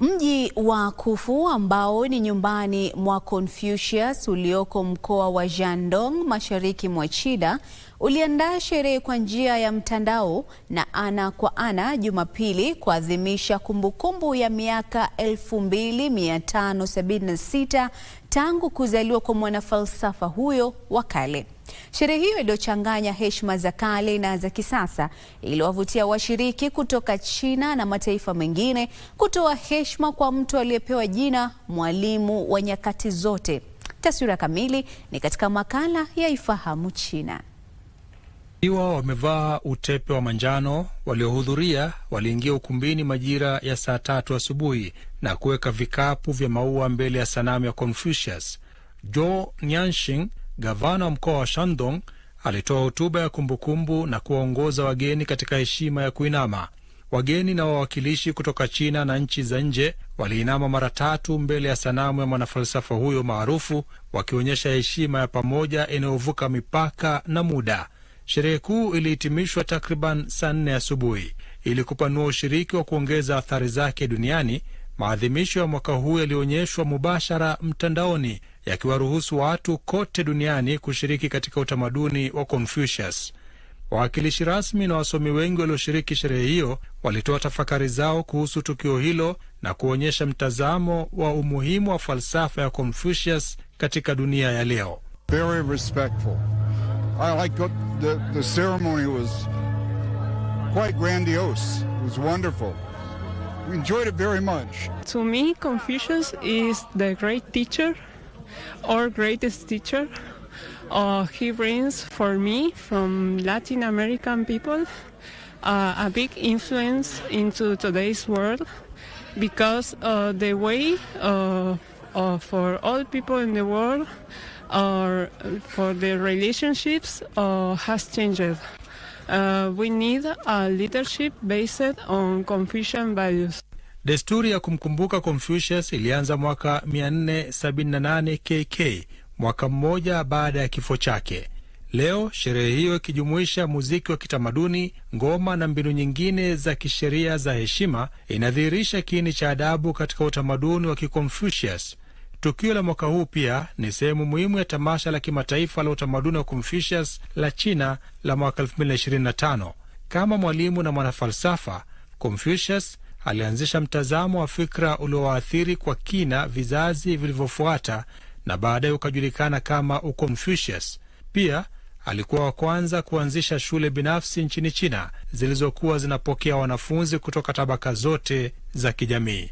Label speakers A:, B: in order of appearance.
A: Mji wa kufu ambao ni nyumbani mwa Confucius ulioko mkoa wa Shandong mashariki mwa China uliandaa sherehe kwa njia ya mtandao na ana kwa ana Jumapili kuadhimisha kumbukumbu ya miaka 2576 tangu kuzaliwa kwa mwanafalsafa huyo wa kale. Sherehe hiyo iliyochanganya heshima za kale na za kisasa iliwavutia washiriki kutoka China na mataifa mengine kutoa heshima kwa mtu aliyepewa jina Mwalimu wa Nyakati Zote. Taswira kamili ni katika makala ya Ifahamu China.
B: Wakiwa wamevaa utepe wa manjano, waliohudhuria waliingia ukumbini majira ya saa tatu asubuhi na kuweka vikapu vya maua mbele ya sanamu ya Confucius. Jo Nyanshing Gavana wa mkoa wa Shandong alitoa hotuba ya kumbukumbu na kuwaongoza wageni katika heshima ya kuinama. Wageni na wawakilishi kutoka China na nchi za nje waliinama mara tatu mbele ya sanamu ya mwanafalsafa huyo maarufu, wakionyesha heshima ya pamoja inayovuka mipaka na muda. Sherehe kuu ilihitimishwa takriban saa nne asubuhi. Ili kupanua ushiriki wa kuongeza athari zake duniani, Maadhimisho ya mwaka huu yalionyeshwa mubashara mtandaoni yakiwaruhusu watu kote duniani kushiriki katika utamaduni wa Confucius. Wawakilishi rasmi na wasomi wengi walioshiriki sherehe hiyo walitoa tafakari zao kuhusu tukio hilo na kuonyesha mtazamo wa umuhimu wa falsafa ya Confucius katika dunia ya leo.
C: Very respectful. I like the, the ceremony was quite grandiose. It was wonderful. We enjoyed it very much.
D: To me, Confucius is the great teacher or greatest teacher. Uh, he brings for me from Latin American people uh, a big influence into today's world because uh, the way uh, uh, for all people in the world or uh, for their relationships has changed. Uh, we need a leadership based on Confucian values.
B: Desturi ya kumkumbuka Confucius ilianza mwaka 478 KK, mwaka mmoja baada ya kifo chake. Leo sherehe hiyo ikijumuisha muziki wa kitamaduni, ngoma na mbinu nyingine za kisheria za heshima, inadhihirisha kiini cha adabu katika utamaduni wa Kiconfucius. Tukio la mwaka huu pia ni sehemu muhimu ya tamasha la kimataifa la utamaduni wa Confucius la China la mwaka 2025. Kama mwalimu na mwanafalsafa, Confucius alianzisha mtazamo wa fikra uliowaathiri kwa kina vizazi vilivyofuata na baadaye ukajulikana kama Uconfucius. Pia alikuwa wa kwanza kuanzisha shule binafsi nchini China zilizokuwa zinapokea wanafunzi kutoka tabaka zote za kijamii.